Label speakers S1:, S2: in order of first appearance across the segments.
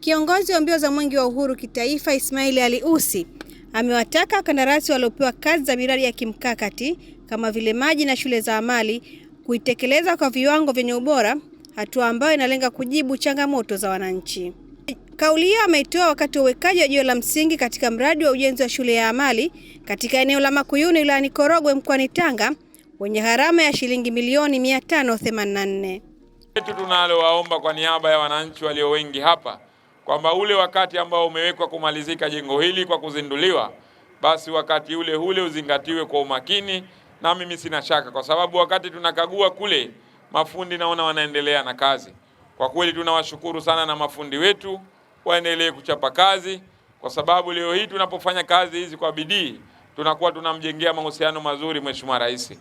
S1: Kiongozi wa mbio za Mwenge wa Uhuru kitaifa Ismail Ali usi amewataka wakandarasi waliopewa kazi za miradi ya kimkakati kama vile maji na shule za amali kuitekeleza kwa viwango vyenye ubora, hatua ambayo inalenga kujibu changamoto za wananchi. Kauli hiyo ameitoa wakati wa uwekaji wa jiwe la msingi katika mradi wa ujenzi wa shule ya amali katika eneo la Makuyuni wilayani Korogwe mkoani Tanga wenye gharama ya shilingi milioni 584.
S2: Tunalowaomba kwa niaba ya wananchi walio wengi hapa kwamba ule wakati ambao umewekwa kumalizika jengo hili kwa kuzinduliwa, basi wakati ule ule uzingatiwe kwa umakini, na mimi sina shaka, kwa sababu wakati tunakagua kule mafundi naona wanaendelea na kazi. Kwa kweli tunawashukuru sana, na mafundi wetu waendelee kuchapa kazi, kwa sababu leo hii tunapofanya kazi hizi kwa bidii tunakuwa tunamjengea mahusiano mazuri Mheshimiwa Rais,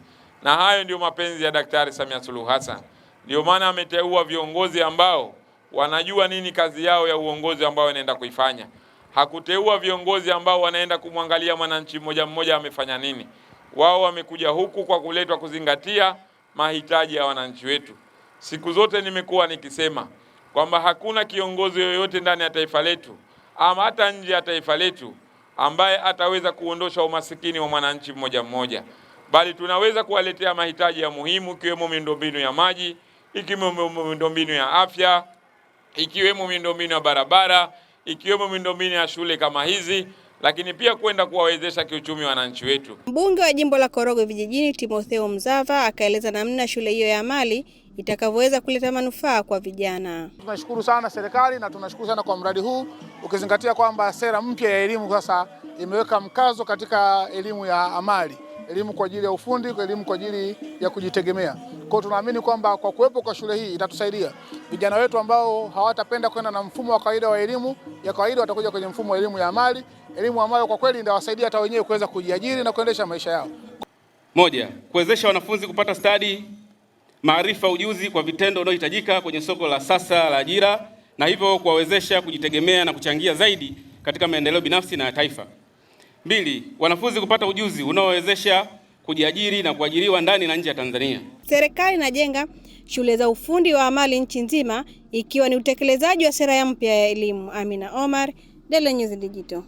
S2: na hayo ndio mapenzi ya Daktari Samia Suluhu Hassan. Ndio maana ameteua viongozi ambao wanajua nini kazi yao ya uongozi ambao wanaenda kuifanya. Hakuteua viongozi ambao wanaenda kumwangalia mwananchi mmoja mmoja amefanya nini. Wao wamekuja huku kwa kuletwa kuzingatia mahitaji ya wananchi wetu. Siku zote nimekuwa nikisema kwamba hakuna kiongozi yoyote ndani ya taifa letu ama hata nje ya taifa letu ambaye ataweza kuondosha umasikini wa mwananchi mmoja mmoja, bali tunaweza kuwaletea mahitaji ya muhimu, ikiwemo miundombinu ya maji, ikiwemo miundombinu ya afya ikiwemo miundombinu ya barabara, ikiwemo miundombinu ya shule kama hizi lakini pia kwenda kuwawezesha kiuchumi wananchi wetu.
S1: Mbunge wa jimbo la Korogwe Vijijini, Timotheo Mzava, akaeleza namna shule hiyo ya amali itakavyoweza kuleta manufaa kwa vijana.
S3: Tunashukuru sana serikali na tunashukuru sana kwa mradi huu, ukizingatia kwamba sera mpya ya elimu sasa imeweka mkazo katika elimu ya amali elimu kwa ajili ya ufundi, kwa elimu kwa ajili ya kujitegemea. Kwa hiyo tunaamini kwamba kwa kuwepo kwa shule hii itatusaidia vijana wetu ambao hawatapenda kwenda na mfumo wa kawaida wa elimu ya kawaida, watakuja kwenye mfumo wa elimu ya amali, elimu ambayo kwa kweli ndawasaidia hata wenyewe kuweza kujiajiri na kuendesha maisha yao.
S4: Moja, kuwezesha wanafunzi kupata stadi, maarifa, ujuzi kwa vitendo unaohitajika kwenye soko la sasa la ajira na hivyo kuwawezesha kujitegemea na kuchangia zaidi katika maendeleo binafsi na ya taifa. Mbili, wanafunzi kupata ujuzi unaowezesha kujiajiri na kuajiriwa ndani na nje ya Tanzania.
S1: Serikali inajenga shule za ufundi wa amali nchi nzima ikiwa ni utekelezaji wa sera ya mpya ya elimu. Amina Omar, Daily News Digital.